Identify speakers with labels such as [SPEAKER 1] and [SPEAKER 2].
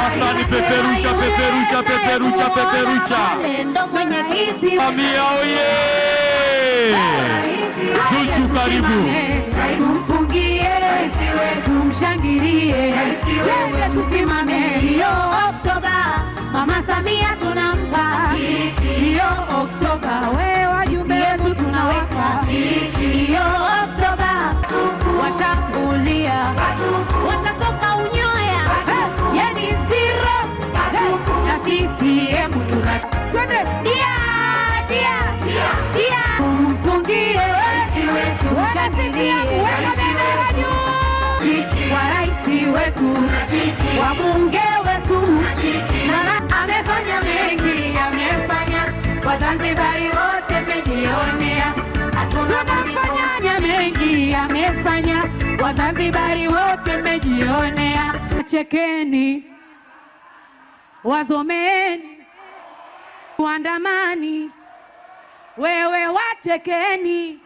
[SPEAKER 1] Hasani peperucha peperucha peperucha peperucha. Samia oye! Zuchu karibu.
[SPEAKER 2] Tumpungie, wetu tusimame tushangilie waraisi wetu wabunge wetu, na amefanya mengi, amefanya Wazanzibari wote mejionea, hatuna mengi, amefanya Wazanzibari wote mejionea. Chekeni, wazomeni, wandamani, wewe wachekeni